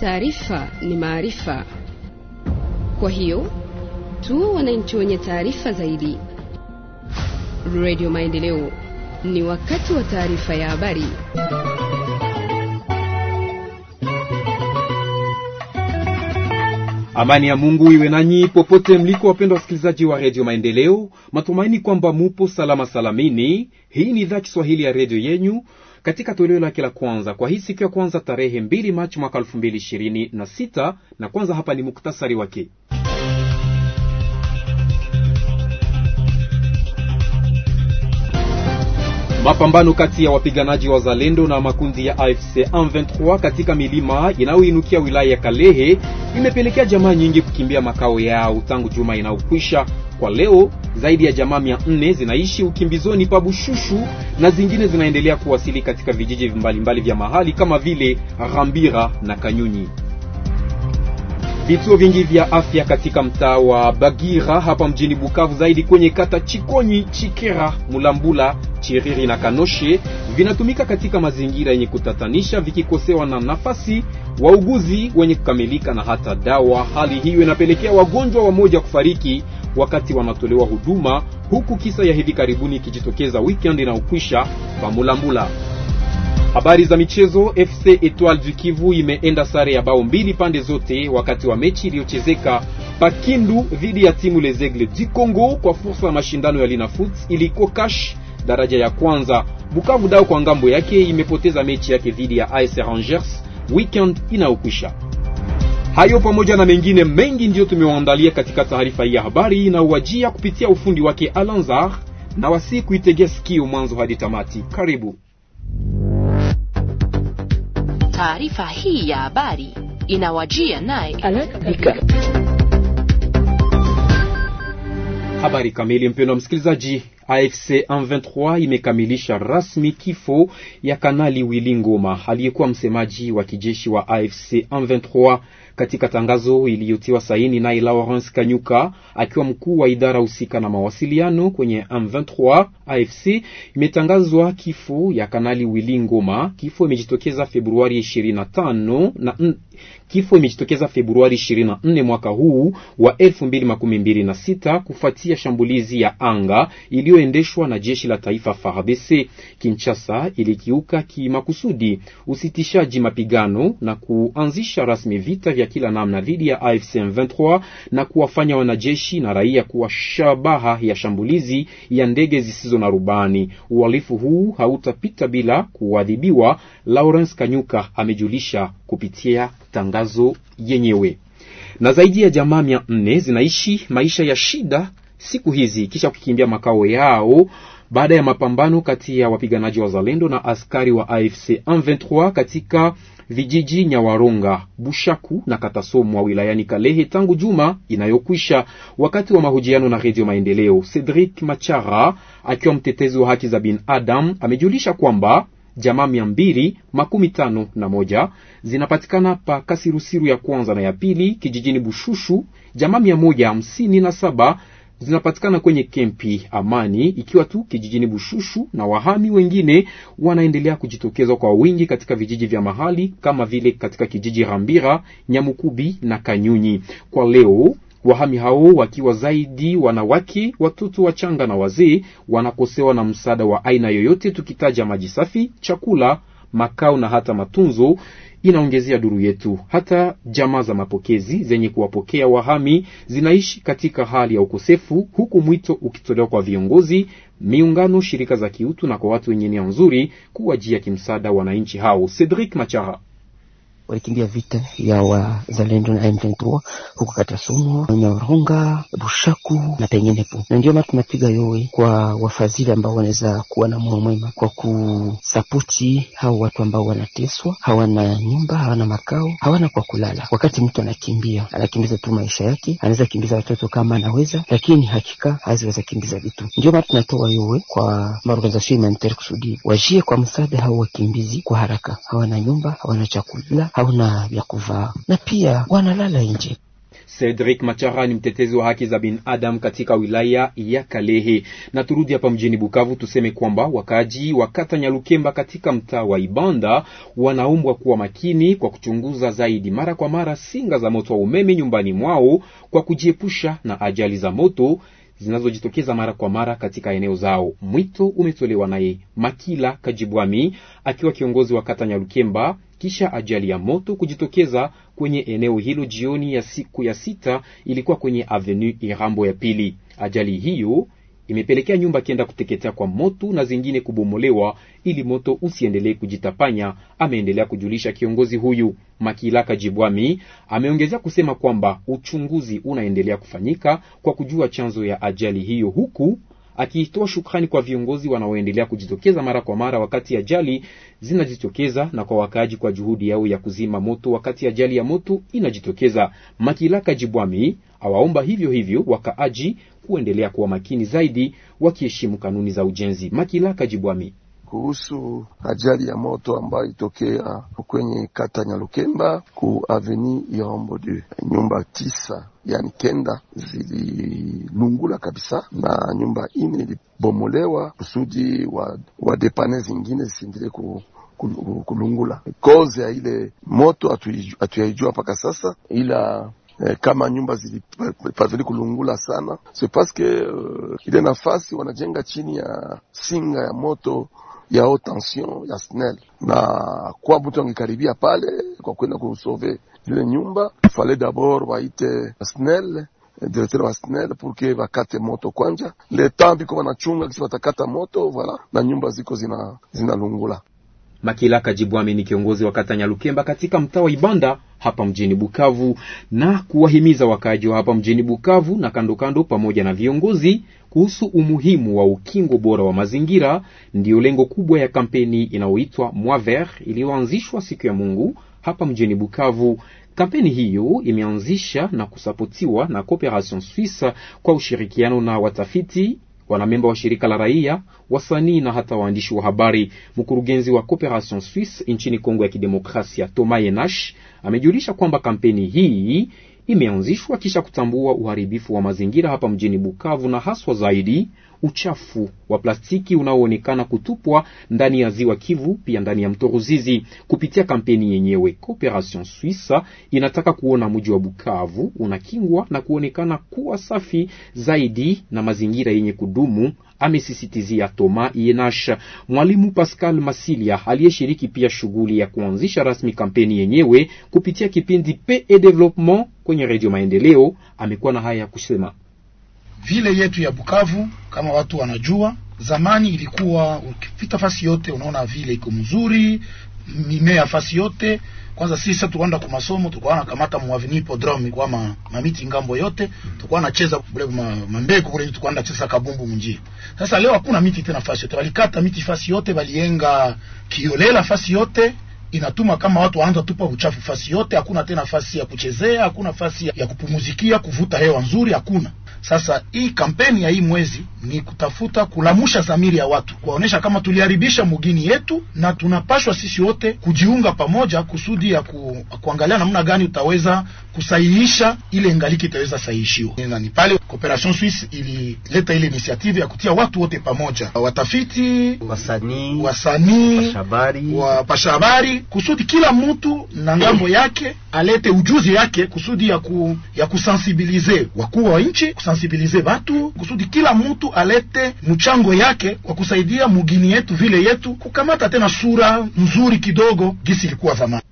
Taarifa ni maarifa, kwa hiyo tu wananchi wenye taarifa zaidi. Radio Maendeleo, ni wakati wa taarifa ya habari. Amani ya Mungu iwe nanyi popote mliko, wapendwa wasikilizaji wa redio Maendeleo, matumaini kwamba mupo salama salamini. Hii ni idhaa Kiswahili ya redio yenyu katika toleo lake la kwanza kwa hii siku ya kwanza tarehe 2 Machi mwaka 2026. Na kwanza hapa ni muktasari wake. Mapambano kati ya wapiganaji wa Zalendo na makundi ya AFC M23 katika milima inayoinukia wilaya ya Kalehe imepelekea jamaa nyingi kukimbia makao yao tangu juma inayokwisha kwa leo zaidi ya jamaa mia nne zinaishi ukimbizoni pa Bushushu na zingine zinaendelea kuwasili katika vijiji mbalimbali vya mahali kama vile rambira na Kanyunyi. Vituo vingi vya afya katika mtaa wa Bagira hapa mjini Bukavu, zaidi kwenye kata Chikonyi, Chikera, Mulambula, Chiriri na Kanoshe vinatumika katika mazingira yenye kutatanisha, vikikosewa na nafasi, wauguzi wenye kukamilika na hata dawa. Hali hiyo inapelekea wagonjwa wamoja kufariki wakati wanatolewa huduma, huku kisa ya hivi karibuni ikijitokeza weekend na ukwisha pa Mulambula. Habari za michezo. FC Etoile du Kivu imeenda sare ya bao mbili pande zote wakati wa mechi iliyochezeka Pakindu dhidi ya timu Les Aigles du Congo kwa fursa ya mashindano ya Linafoot iliko cash daraja ya kwanza. Bukavu Dao kwa ngambo yake imepoteza mechi yake dhidi ya AS Rangers weekend inayokwisha Hayo pamoja na mengine mengi ndiyo tumewaandalia katika taarifa hii ya habari uwajia kupitia ufundi wake Alanzar, na wasi kuitegea sikio mwanzo hadi tamati. Karibu. Taarifa hii ya habari inawajia naye Alika. habari kamili. Mpendwa msikilizaji, AFC 23 imekamilisha rasmi kifo ya Kanali Willy Ngoma aliyekuwa msemaji wa kijeshi wa AFC 23 katika tangazo iliyotiwa saini naye Lawrence Kanyuka akiwa mkuu wa idara husika na mawasiliano kwenye M23 AFC, imetangazwa kifo ya Kanali Willy Ngoma. Kifo imejitokeza Februari 25 na kifo imejitokeza Februari 24 mwaka huu wa 2026 kufuatia shambulizi ya anga iliyo iliyoendeshwa na jeshi la taifa FARDC. Kinshasa ilikiuka kimakusudi usitishaji mapigano na kuanzisha rasmi vita vya kila namna dhidi ya AFC M23 na kuwafanya wanajeshi na raia kuwa shabaha ya shambulizi ya ndege zisizo na rubani. Uhalifu huu hautapita bila kuadhibiwa, Lawrence Kanyuka amejulisha kupitia tangazo yenyewe. Na zaidi ya jamaa mia nne zinaishi maisha ya shida siku hizi kisha kukimbia makao yao baada ya mapambano kati ya wapiganaji wa Zalendo na askari wa AFC M23 katika vijiji Nyawaronga, Bushaku na Katasomwa wilayani Kalehe tangu juma inayokwisha. Wakati wa mahojiano na Redio Maendeleo, Cedric Machara akiwa mtetezi wa haki za binadamu amejulisha kwamba jamaa mia mbili makumi tano na moja zinapatikana pa Kasirusiru ya kwanza na ya pili kijijini Bushushu, jamaa mia moja hamsini na saba zinapatikana kwenye kempi Amani ikiwa tu kijijini Bushushu, na wahami wengine wanaendelea kujitokeza kwa wingi katika vijiji vya mahali kama vile katika kijiji Rambira, Nyamukubi na Kanyunyi. Kwa leo wahami hao wakiwa zaidi wanawake, watoto wachanga na wazee wanakosewa na msaada wa aina yoyote, tukitaja maji safi, chakula, makao na hata matunzo inaongezea duru yetu. Hata jamaa za mapokezi zenye kuwapokea wahami zinaishi katika hali ya ukosefu, huku mwito ukitolewa kwa viongozi, miungano, shirika za kiutu na kwa watu wenye nia nzuri kuwajia kimsaada wananchi hao. Cedric Machara walikimbia vita ya wazalendo na M23 huko Katasumu, Nyarugunga, Bushaku na penginepo, na ndio maana tunapiga yowe kwa wafadhili ambao wanaweza kuwa na moyo mwema kwa kusapoti hao watu ambao wanateswa, hawana nyumba, hawana makao, hawana kwa kulala. Wakati mtu anakimbia, anakimbiza tu maisha yake, anaweza kimbiza watoto kama anaweza, lakini hakika haziweza kimbiza vitu. Ndio maana tunatoa yowe kwa maorganization humanitaire kusudi wajie kwa msaada hao wakimbizi kwa haraka, hawana nyumba, hawana chakula hauna vya kuvaa na pia wanalala nje. Cedric Machara ni mtetezi wa haki za binadamu katika wilaya ya Kalehe. Na turudi hapa mjini Bukavu, tuseme kwamba wakaaji wa kata Nyalukemba katika mtaa wa Ibanda wanaombwa kuwa makini kwa kuchunguza zaidi mara kwa mara singa za moto wa umeme nyumbani mwao kwa kujiepusha na ajali za moto zinazojitokeza mara kwa mara katika eneo zao. Mwito umetolewa naye Makila Kajibwami akiwa kiongozi wa kata Nyalukemba kisha ajali ya moto kujitokeza kwenye eneo hilo jioni ya siku ya sita, ilikuwa kwenye avenue Irambo ya pili. Ajali hiyo imepelekea nyumba kenda kuteketea kwa moto na zingine kubomolewa ili moto usiendelee kujitapanya, ameendelea kujulisha kiongozi huyu. Makilaka Jibwami ameongezea kusema kwamba uchunguzi unaendelea kufanyika kwa kujua chanzo ya ajali hiyo huku akiitoa shukrani kwa viongozi wanaoendelea kujitokeza mara kwa mara wakati ajali zinajitokeza na kwa wakaaji kwa juhudi yao ya kuzima moto wakati ajali ya moto inajitokeza. Makilaka Jibwami awaomba hivyo hivyo wakaaji kuendelea kuwa makini zaidi wakiheshimu kanuni za ujenzi. Makilaka Jibwami kuhusu ajali ya moto ambayo itokea kwenye kata Nyalukemba ku aveni ya ombo de nyumba tisa yani kenda zililungula kabisa na nyumba ine ilibomolewa kusudi wa, wa depane zingine zisindile ku kulungula. Koze ya ile moto hatuyaijua mpaka sasa, ila eh, kama nyumba zilipazili kulungula sana, se paske uh, ile nafasi wanajenga chini ya singa ya moto ya haute tension ya SNEL, na kwa mtu angekaribia pale kwa kwenda kusove ile nyumba, fale dabord waite SNEL directeur wa SNEL purke vakate moto kwanja, le letambi kwa wanachunga kisi watakata moto vala na nyumba ziko zinalungula. Zina Makila Kajibwami ni kiongozi wa kata Nyalukemba katika mtaa wa Ibanda hapa mjini Bukavu na kuwahimiza wakaaji wa hapa mjini Bukavu na kando kando pamoja na viongozi kuhusu umuhimu wa ukingo bora wa mazingira. Ndiyo lengo kubwa ya kampeni inayoitwa Mwaver iliyoanzishwa siku ya Mungu hapa mjini Bukavu. Kampeni hiyo imeanzisha na kusapotiwa na Cooperation Suisse kwa ushirikiano na watafiti wanamemba wa shirika la raia, wasanii na hata waandishi wa habari. Mkurugenzi wa Cooperation Suisse nchini Kongo ya Kidemokrasia, Thomas Yenash, amejulisha kwamba kampeni hii imeanzishwa kisha kutambua uharibifu wa mazingira hapa mjini Bukavu na haswa zaidi uchafu wa plastiki unaoonekana kutupwa ndani ya ziwa Kivu, pia ndani ya mto Ruzizi. Kupitia kampeni yenyewe, Cooperation Suisse inataka kuona mji wa Bukavu unakingwa na kuonekana kuwa safi zaidi na mazingira yenye kudumu, amesisitizia Toma Yenash. Mwalimu Pascal Masilia aliyeshiriki pia shughuli ya kuanzisha rasmi kampeni yenyewe kupitia kipindi Pe Development kwenye Redio Maendeleo amekuwa na haya ya kusema vile yetu ya Bukavu, kama watu wanajua, zamani ilikuwa ukipita fasi yote unaona vile iko mzuri, mimea fasi yote. Kwanza sisi tukaenda kwa masomo, tulikuwa nakamata mwavini podromi kwa ma, ma miti ngambo yote, tulikuwa nacheza kule ma, mambeko bure, tulikuwa na cheza kabumbu mjini. Sasa leo hakuna miti tena fasi yote, walikata miti fasi yote, walienga kiolela fasi yote inatuma kama watu waanza tupa uchafu fasi yote. Hakuna tena fasi ya kuchezea, hakuna fasi ya kupumuzikia, kuvuta hewa nzuri, hakuna. Sasa hii kampeni ya hii mwezi ni kutafuta kulamusha zamiri ya watu, kuwaonesha kama tuliharibisha mugini yetu, na tunapashwa sisi wote kujiunga pamoja kusudi ya ku, kuangalia namna gani utaweza kusahihisha ile ngaliki itaweza sahihishiwa. Na ni pale Cooperation Suisse ilileta ile initiative ya kutia watu wote pamoja, watafiti, wasanii, wasanii, wapasha habari, kusudi kila mtu na ngambo yake alete ujuzi yake kusudi ya, ku, ya kusensibilize wakuu wa nchi tusensibilize batu kusudi kila mtu alete mchango yake kwa kusaidia mugini yetu vile yetu kukamata tena sura nzuri kidogo gisi ilikuwa zamani.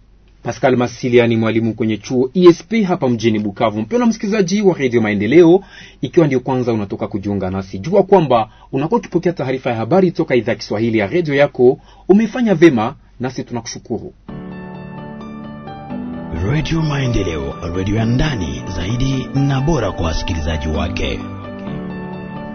Pascal Masilia ni mwalimu kwenye chuo ESP hapa mjini Bukavu. Mpendwa msikilizaji wa Radio Maendeleo, ikiwa ndio kwanza unatoka kujiunga nasi, jua kwamba unakuwa ukipokea taarifa ya habari toka idhaa Kiswahili ya redio yako. Umefanya vema, nasi tunakushukuru redio Maendeleo, redio ya ndani zaidi na bora kwa wasikilizaji wake.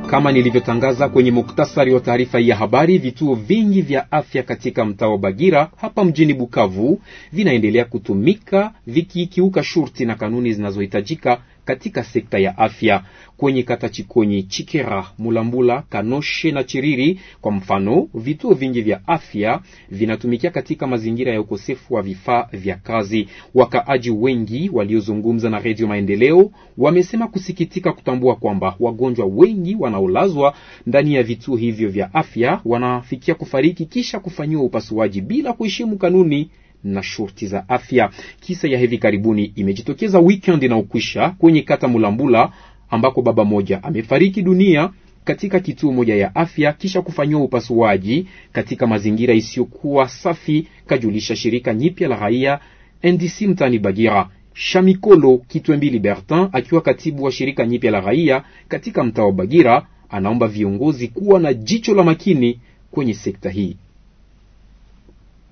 Kama nilivyotangaza kwenye muktasari wa taarifa ya habari, vituo vingi vya afya katika mtaa wa Bagira hapa mjini Bukavu vinaendelea kutumika vikikiuka shurti na kanuni zinazohitajika katika sekta ya afya kwenye kata Chikonyi, Chikera, Mulambula, Kanoshe na Chiriri. Kwa mfano, vituo vingi vya afya vinatumikia katika mazingira ya ukosefu wa vifaa vya kazi. Wakaaji wengi waliozungumza na Redio Maendeleo wamesema kusikitika kutambua kwamba wagonjwa wengi wanaolazwa ndani ya vituo hivyo vya afya wanafikia kufariki kisha kufanyiwa upasuaji bila kuheshimu kanuni na shurti za afya. Kisa ya hivi karibuni imejitokeza weekend ukwisha kwenye kata Mulambula ambako baba moja amefariki dunia katika kituo moja ya afya kisha kufanyiwa upasuaji katika mazingira isiyokuwa safi, kajulisha shirika nyipya la raia NDC mtani Bagira. Shamikolo Kitwembi Libertin akiwa katibu wa shirika nyipya la raia katika mtaa wa Bagira anaomba viongozi kuwa na jicho la makini kwenye sekta hii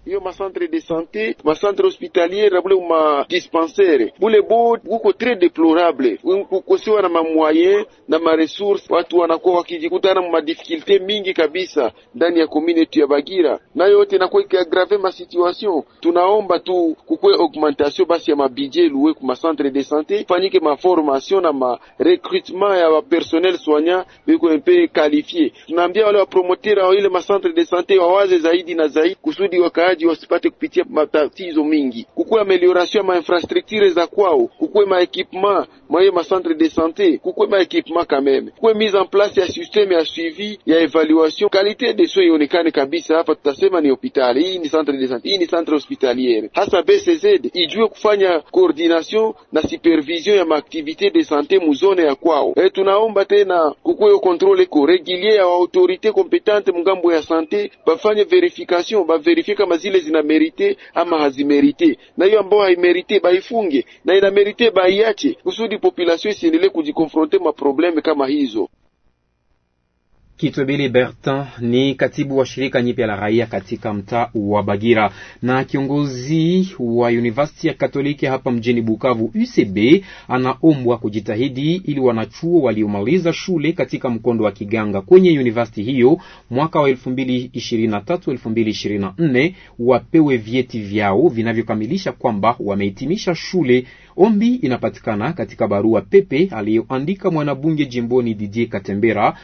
hiyo macentre de santé, macentre hospitalier bule ma dispensaire bule bo kuko tres deplorable, kukosewa na mamoyen na maresource. Watu wanakuwa wakijikutana mu madifikulte mingi kabisa ndani ya komune yetu ya Bagira, na yote inakuwa ikiagrave ma situation. Tunaomba tu kukwe augmentation basi ya mabije luwe ku macentre de santé, fanyike ma formation na ma recrutement ya wa personnel soignant biko mpe qualifié. Tunaambia wale wa promoter ile macentre de santé wawaze zaidi na zaidi kusudi wakaaji wakaaji wasipate kupitia matatizo mingi, kukuwe amelioration ma infrastructure za kwao, kukuwe ma equipement maye ma centre de santé, kukuwe ma equipement kameme, kukuwe mise en place ya systeme ya suivi ya evaluation qualité de soins ionekane kabisa. Hapa tutasema ni hospitali hii, ni centre de santé hii, ni centre hospitaliere. Hasa BCZ ijue kufanya coordination na supervision ya maaktivite de santé muzone ya kwao. E, tunaomba tena kukuwe kontrole ko regulier ya autorité kompetente mungambo ya santé bafanye verification, baverifie kama zile zinamerite ama hazimerite, na hiyo ambao haimerite baifunge, na inamerite baiache, kusudi population isiendelee kujikonfronte maprobleme kama hizo. Kitwebili Bertin ni katibu wa shirika nyipya la raia katika mtaa wa Bagira na kiongozi wa University ya Katoliki hapa mjini Bukavu UCB, anaombwa kujitahidi ili wanachuo waliomaliza shule katika mkondo wa Kiganga kwenye university hiyo mwaka wa 2023 2024 wapewe vyeti vyao vinavyokamilisha kwamba wamehitimisha shule. Ombi inapatikana katika barua pepe aliyoandika mwanabunge jimboni Didier Katembera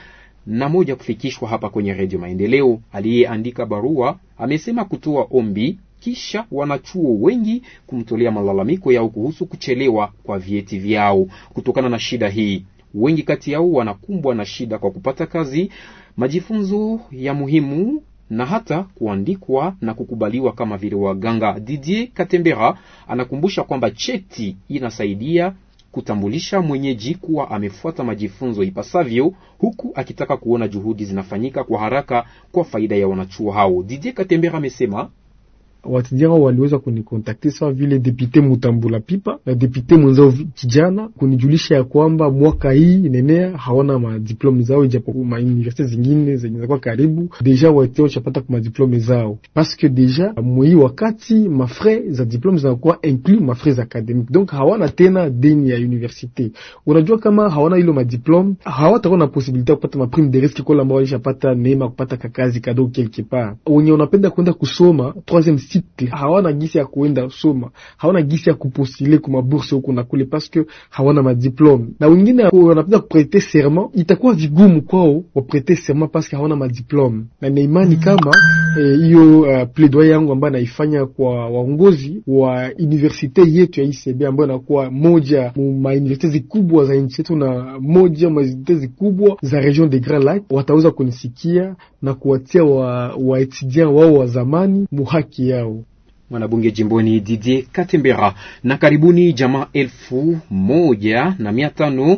na moja kufikishwa hapa kwenye Redio Maendeleo. Aliyeandika barua amesema kutoa ombi kisha wanachuo wengi kumtolea malalamiko yao kuhusu kuchelewa kwa vyeti vyao. Kutokana na shida hii, wengi kati yao wanakumbwa na shida kwa kupata kazi, majifunzo ya muhimu na hata kuandikwa na kukubaliwa kama vile waganga. Didier Katembera anakumbusha kwamba cheti inasaidia kutambulisha mwenyeji kuwa amefuata majifunzo ipasavyo, huku akitaka kuona juhudi zinafanyika kwa haraka kwa faida ya wanachuo hao. Didier Katembera amesema watijanga waliweza kunikontakti sawa vile depute Mutambula Pipa na depute mwenzao kijana kunijulisha ya kwamba mwaka hii inaenea hawana madiplome zao, ijapo mauniversite zingine zenye zakuwa karibu deja watia chapata kwa madiplome zao, paske deja mwii wakati mafre za diplome zinakuwa inclus za academique, donc hawana tena deni ya universite. Unajua, kama hawana ilo madiplome hawatakuwa na posibilite ya kupata maprime de risque kola ambao walishapata neema kupata kakazi kadogo quelque part. Wenye unapenda kwenda kusoma troisieme site hawana gisi ya kuenda soma, hawana gisi ya kupostule kwa mabourse huko na kule, paske hawana madiplome. Na wengine wanapenda kuprete serment, itakuwa vigumu kwao waprete serment paske hawana madiplome. Na na imani kama eh, hiyo eh, uh, plaidoyer yangu ambayo naifanya kwa waongozi wa universite yetu ya ICB ambayo inakuwa moja ma universite zikubwa za nchi yetu na moja ma universite zikubwa za region de Grand Lacs, wataweza kunisikia na kuwatia wa, wa etudiant wao wa zamani muhaki yao yao. Mwanabunge jimboni Didier Katembera na karibuni jamaa elfu moja na mia tano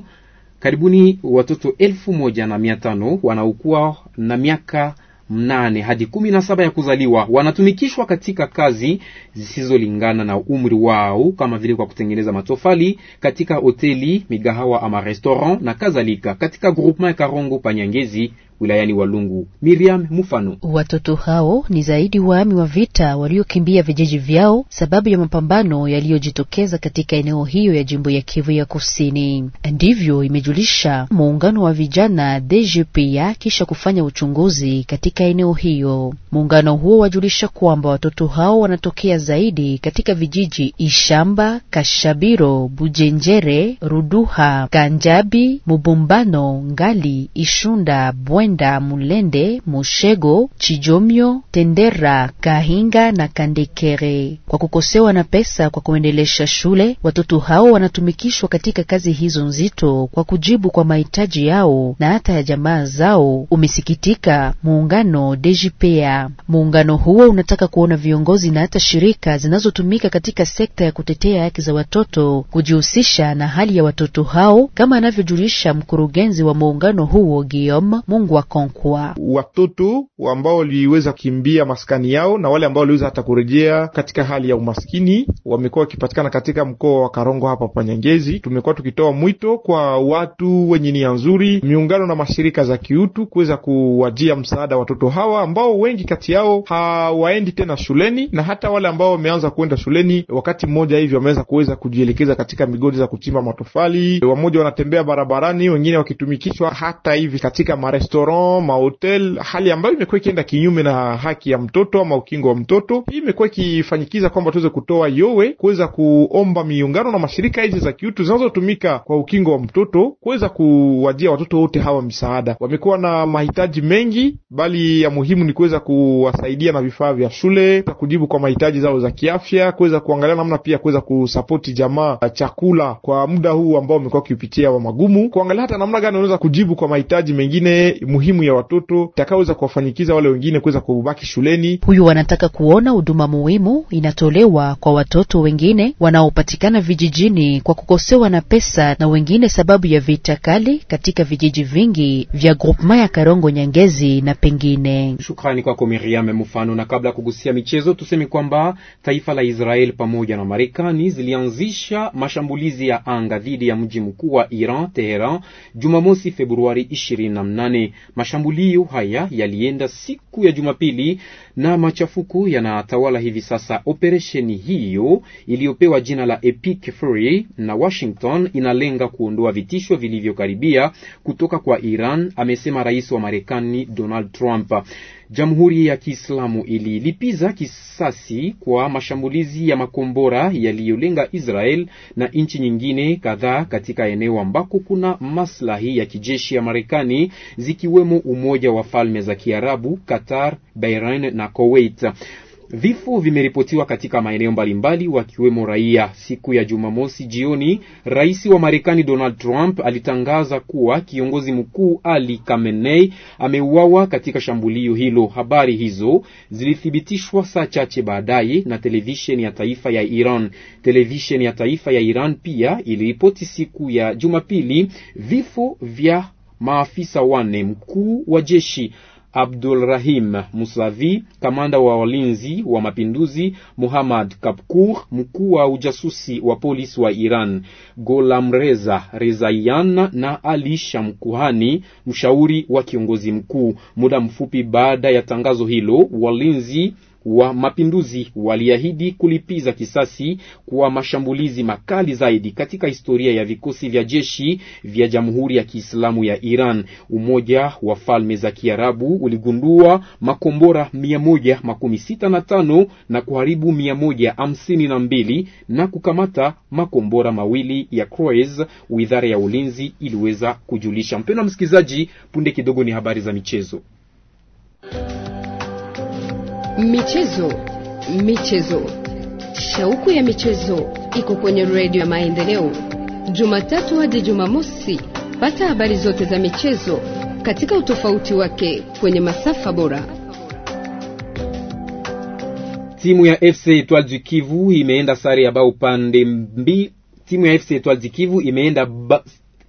karibuni watoto elfu moja na mia tano wanaokuwa na miaka mnane hadi kumi na saba ya kuzaliwa wanatumikishwa katika kazi zisizolingana na umri wao, kama vile kwa kutengeneza matofali katika hoteli, migahawa ama restaurant na kadhalika, katika groupement ya Karongo Panyangezi wilayani Walungu. Miriam Mufano. Watoto hao ni zaidi waami wa vita waliokimbia vijiji vyao sababu ya mapambano yaliyojitokeza katika eneo hiyo ya jimbo ya Kivu ya Kusini. Ndivyo imejulisha muungano wa vijana dgpa kisha kufanya uchunguzi katika eneo hiyo. Muungano huo wajulisha kwamba watoto hao wanatokea zaidi katika vijiji Ishamba, Kashabiro, Bujenjere, Ruduha, Kanjabi, Mubumbano, Ngali, Ishunda, Bwen Mwenda, Mulende, Moshego, Chijomyo, Tendera, Kahinga na Kandekere kwa kukosewa na pesa kwa kuendelesha shule. Watoto hao wanatumikishwa katika kazi hizo nzito kwa kujibu kwa mahitaji yao na hata ya jamaa zao, umesikitika muungano Dejipea. Muungano huo unataka kuona viongozi na hata shirika zinazotumika katika sekta ya kutetea haki za watoto kujihusisha na hali ya watoto hao, kama anavyojulisha mkurugenzi wa muungano huo Guillaume Mungu wa Konkwa. Watoto ambao waliweza kimbia maskani yao na wale ambao waliweza hata kurejea katika hali ya umaskini wamekuwa wakipatikana katika mkoa wa Karongo hapa Panyangezi. Tumekuwa tukitoa mwito kwa watu wenye nia nzuri, miungano na mashirika za kiutu kuweza kuwajia msaada watoto hawa ambao wengi kati yao hawaendi tena shuleni, na hata wale ambao wameanza kuenda shuleni wakati mmoja hivi wameweza kuweza kujielekeza katika migodi za kuchimba matofali. Wamoja wanatembea barabarani, wengine wakitumikishwa hata hivi katika marestora marestaurant, mahotel, hali ambayo imekuwa ikienda kinyume na haki ya mtoto ama ukingo wa mtoto. Hii imekuwa ikifanyikiza kwamba tuweze kutoa yowe kuweza kuomba miungano na mashirika hizi za kiutu zinazotumika kwa ukingo wa mtoto kuweza kuwajia watoto wote hawa msaada Wamekuwa na mahitaji mengi, bali ya muhimu ni kuweza kuwasaidia na vifaa vya shule, kujibu kwa mahitaji zao za kiafya, kuweza kuangalia namna pia kuweza kusapoti jamaa chakula kwa muda huu ambao wamekuwa wakiupitia wa magumu, kuangalia hata namna gani wanaweza kujibu kwa mahitaji mengine muhimu ya watoto itakaweza kuwafanyikiza wale wengine kuweza kubaki shuleni. Huyu wanataka kuona huduma muhimu inatolewa kwa watoto wengine wanaopatikana vijijini kwa kukosewa na pesa na wengine sababu ya vita kali katika vijiji vingi vya grupma ya Karongo, Nyangezi na pengine. Shukrani kwako Miriam mfano Na kabla ya kugusia michezo, tuseme kwamba taifa la Israel pamoja na Marekani zilianzisha mashambulizi ya anga dhidi ya mji mkuu wa Iran Teheran Jumamosi Februari 28. Mashambulio haya yalienda siku ya Jumapili na machafuko yanatawala hivi sasa. Operesheni hiyo iliyopewa jina la Epic Fury na Washington inalenga kuondoa vitisho vilivyokaribia kutoka kwa Iran, amesema rais wa Marekani Donald Trump. Jamhuri ya Kiislamu ililipiza kisasi kwa mashambulizi ya makombora yaliyolenga Israel na nchi nyingine kadhaa katika eneo ambako kuna maslahi ya kijeshi ya Marekani zikiwemo Umoja wa Falme za Kiarabu, Qatar, Bahrain na Kuwait. Vifo vimeripotiwa katika maeneo mbalimbali wakiwemo raia. Siku ya Jumamosi jioni, rais wa Marekani Donald Trump alitangaza kuwa kiongozi mkuu Ali Khamenei ameuawa katika shambulio hilo. Habari hizo zilithibitishwa saa chache baadaye na televisheni ya taifa ya Iran. Televisheni ya taifa ya Iran pia iliripoti siku ya Jumapili vifo vya maafisa wane mkuu wa jeshi Abdulrahim Musavi, kamanda wa walinzi wa mapinduzi, Muhammad Kapkur, mkuu wa ujasusi wa polisi wa Iran, Golamreza Rezaian na Ali Shamkuhani, mshauri wa kiongozi mkuu. Muda mfupi baada ya tangazo hilo, walinzi wa mapinduzi waliahidi kulipiza kisasi kwa mashambulizi makali zaidi katika historia ya vikosi vya jeshi vya Jamhuri ya Kiislamu ya Iran. Umoja wa Falme za Kiarabu uligundua makombora 165 na kuharibu 152 na kukamata makombora mawili ya Croatia, Wizara ya Ulinzi iliweza kujulisha. Mpendwa msikilizaji, punde kidogo ni habari za michezo. Michezo, michezo, shauku ya michezo iko kwenye redio ya Maendeleo, Jumatatu hadi Jumamosi. Pata habari zote za michezo katika utofauti wake kwenye masafa bora. Timu ya FC Etoile du Kivu imeenda sare ya bao pande mbi. Timu ya FC Etoile du Kivu imeenda ba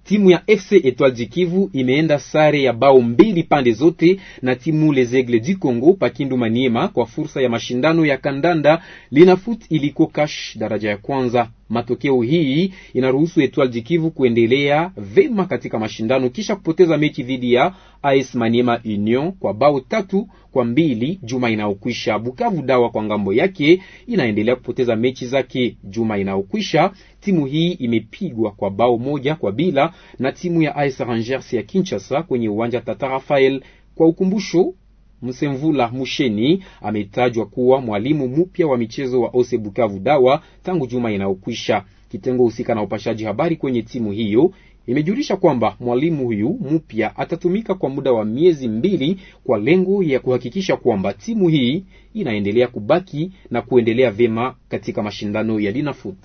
Timu ya FC Etoile du Kivu imeenda sare ya bao mbili pande zote na timu Les Aigles du Congo Pakindu Maniema kwa fursa ya mashindano ya kandanda Linafoot iliko cash daraja ya kwanza. Matokeo hii inaruhusu Etoile du Kivu kuendelea vema katika mashindano kisha kupoteza mechi dhidi ya AS Maniema Union kwa bao tatu kwa mbili juma inayokwisha. Bukavu Dawa kwa ngambo yake inaendelea kupoteza mechi zake juma inayokwisha. Timu hii imepigwa kwa bao moja kwa bila na timu ya AS Rangers ya Kinshasa kwenye uwanja Tata Rafael. Kwa ukumbusho Msemvula Musheni ametajwa kuwa mwalimu mpya wa michezo wa Ose Bukavu Dawa tangu juma inayokwisha. Kitengo husika na upashaji habari kwenye timu hiyo imejulisha kwamba mwalimu huyu mpya atatumika kwa muda wa miezi mbili kwa lengo ya kuhakikisha kwamba timu hii inaendelea kubaki na kuendelea vyema katika mashindano ya Dinafoot.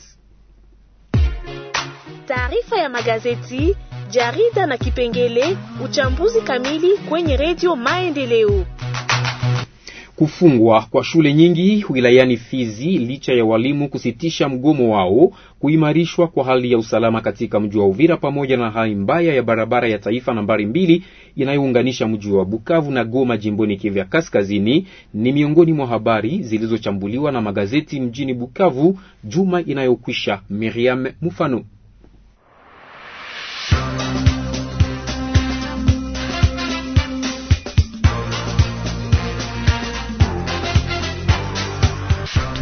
Taarifa ya magazeti jarida na kipengele uchambuzi kamili kwenye redio Maendeleo. Kufungwa kwa shule nyingi wilayani Fizi licha ya walimu kusitisha mgomo wao, kuimarishwa kwa hali ya usalama katika mji wa Uvira pamoja na hali mbaya ya barabara ya taifa nambari mbili inayounganisha mji wa Bukavu na Goma jimboni Kivu ya Kaskazini ni miongoni mwa habari zilizochambuliwa na magazeti mjini Bukavu juma inayokwisha. Miriam Mufano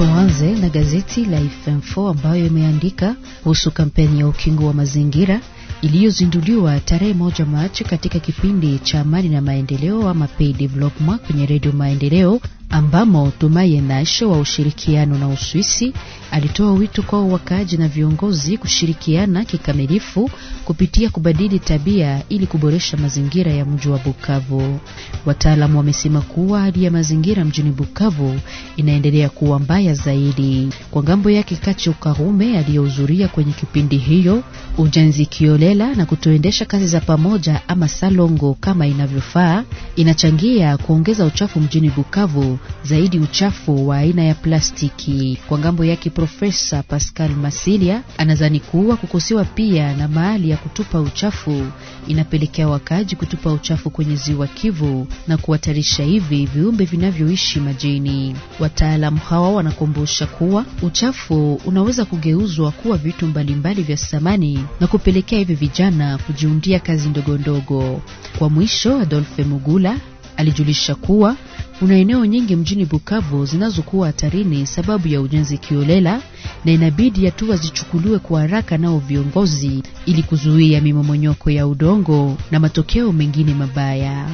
Tuanze na gazeti la if4 ambayo imeandika kuhusu kampeni ya ukingo wa mazingira iliyozinduliwa tarehe moja Machi katika kipindi cha amani na maendeleo ama Pay Development kwenye redio Maendeleo, ambamo Tumaye Nasho wa ushirikiano na Uswisi alitoa wito kwa wakaaji na viongozi kushirikiana kikamilifu kupitia kubadili tabia ili kuboresha mazingira ya mji wa Bukavu. Wataalamu wamesema kuwa hali ya mazingira mjini Bukavu inaendelea kuwa mbaya zaidi. Kwa ngambo yake, Kacho Karume aliyohudhuria kwenye kipindi hiyo, ujenzi kiolela na kutoendesha kazi za pamoja ama salongo kama inavyofaa inachangia kuongeza uchafu mjini Bukavu, zaidi uchafu wa aina ya plastiki. Kwa ngambo yake, Profesa Pascal Masilia anazani kuwa kukosiwa pia na mahali ya kutupa uchafu inapelekea wakaaji kutupa uchafu kwenye ziwa Kivu na kuhatarisha hivi viumbe vinavyoishi majini. Wataalamu hawa wanakumbusha kuwa uchafu unaweza kugeuzwa kuwa vitu mbalimbali vya samani na kupelekea hivi vijana kujiundia kazi ndogo ndogo. Kwa mwisho, adolfe Mugula alijulisha kuwa kuna eneo nyingi mjini Bukavu zinazokuwa hatarini sababu ya ujenzi kiolela, na inabidi hatua zichukuliwe kwa haraka nao viongozi ili kuzuia mimomonyoko ya udongo na matokeo mengine mabaya.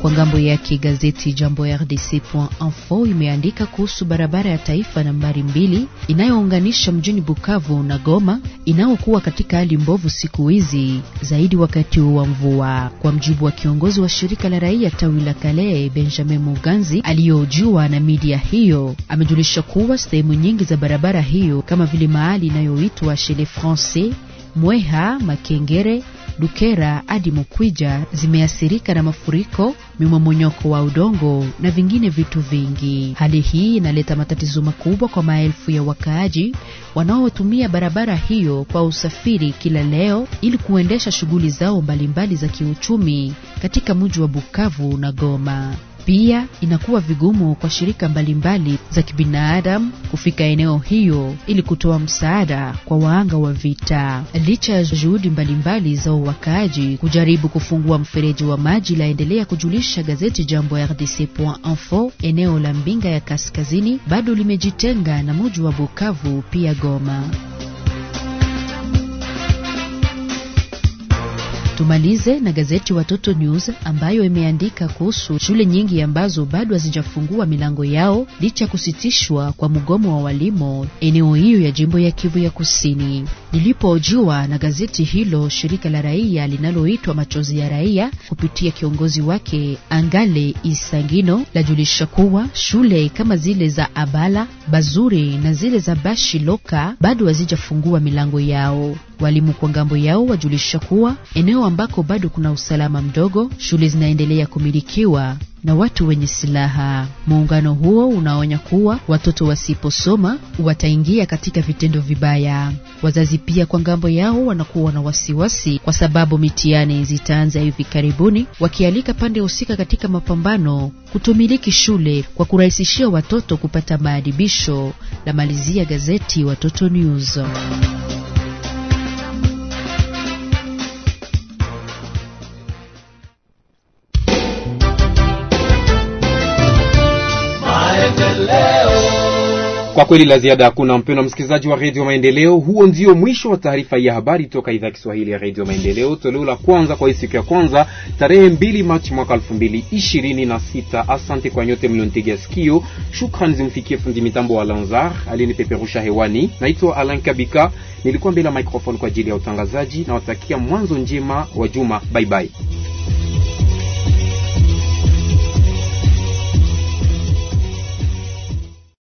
Kwa ngambo yake gazeti Jambo RDC.info imeandika kuhusu barabara ya taifa nambari mbili inayounganisha mjini Bukavu na Goma inayokuwa katika hali mbovu siku hizi zaidi wakati wa mvua. Kwa mjibu wa kiongozi wa shirika la raia tawi la Kale Benjamin Muganzi aliyojua na media hiyo, amejulisha kuwa sehemu nyingi za barabara hiyo kama vile mahali inayoitwa chele Francais, Mweha, Makengere Dukera hadi Mukwija zimeathirika na mafuriko, mmomonyoko wa udongo na vingine vitu vingi. Hali hii inaleta matatizo makubwa kwa maelfu ya wakaaji wanaotumia barabara hiyo kwa usafiri kila leo ili kuendesha shughuli zao mbalimbali za kiuchumi katika mji wa Bukavu na Goma. Pia inakuwa vigumu kwa shirika mbalimbali za kibinadamu kufika eneo hiyo ili kutoa msaada kwa waanga wa vita. Licha ya juhudi mbalimbali za uwakaaji kujaribu kufungua mfereji wa maji, laendelea kujulisha gazeti Jambo ya RDC.info, eneo la Mbinga ya Kaskazini bado limejitenga na muji wa Bukavu pia Goma. Tumalize na gazeti Watoto News ambayo imeandika kuhusu shule nyingi ambazo bado hazijafungua milango yao licha ya kusitishwa kwa mgomo wa walimu eneo hiyo ya jimbo ya Kivu ya Kusini. Nilipojua na gazeti hilo shirika la raia linaloitwa Machozi ya Raia kupitia kiongozi wake Angale Isangino lajulisha kuwa shule kama zile za Abala, Bazuri na zile za bashi loka bado hazijafungua milango yao. Walimu kwa ngambo yao wajulisha kuwa eneo ambako bado kuna usalama mdogo, shule zinaendelea kumilikiwa na watu wenye silaha. Muungano huo unaonya kuwa watoto wasiposoma wataingia katika vitendo vibaya. Wazazi pia kwa ngambo yao wanakuwa na wasiwasi kwa sababu mitihani zitaanza hivi karibuni, wakialika pande husika katika mapambano kutumiliki shule kwa kurahisishia watoto kupata maadibisho. La malizia gazeti Watoto News. Kwa kweli la ziada hakuna, mpendwa msikilizaji wa redio Maendeleo, huo ndio mwisho wa taarifa ya habari toka idhaa ya Kiswahili ya redio Maendeleo, toleo la kwanza kwa hii siku ya kwanza tarehe 2 Machi mwaka 2026. Asante kwa nyote mliontegea sikio. Shukrani zimfikie fundi mitambo wa Lanzar aliyenipeperusha hewani. Naitwa Alan Kabika, nilikuwa mbele ya microphone kwa ajili ya utangazaji, na watakia mwanzo njema wa juma. Bye bye.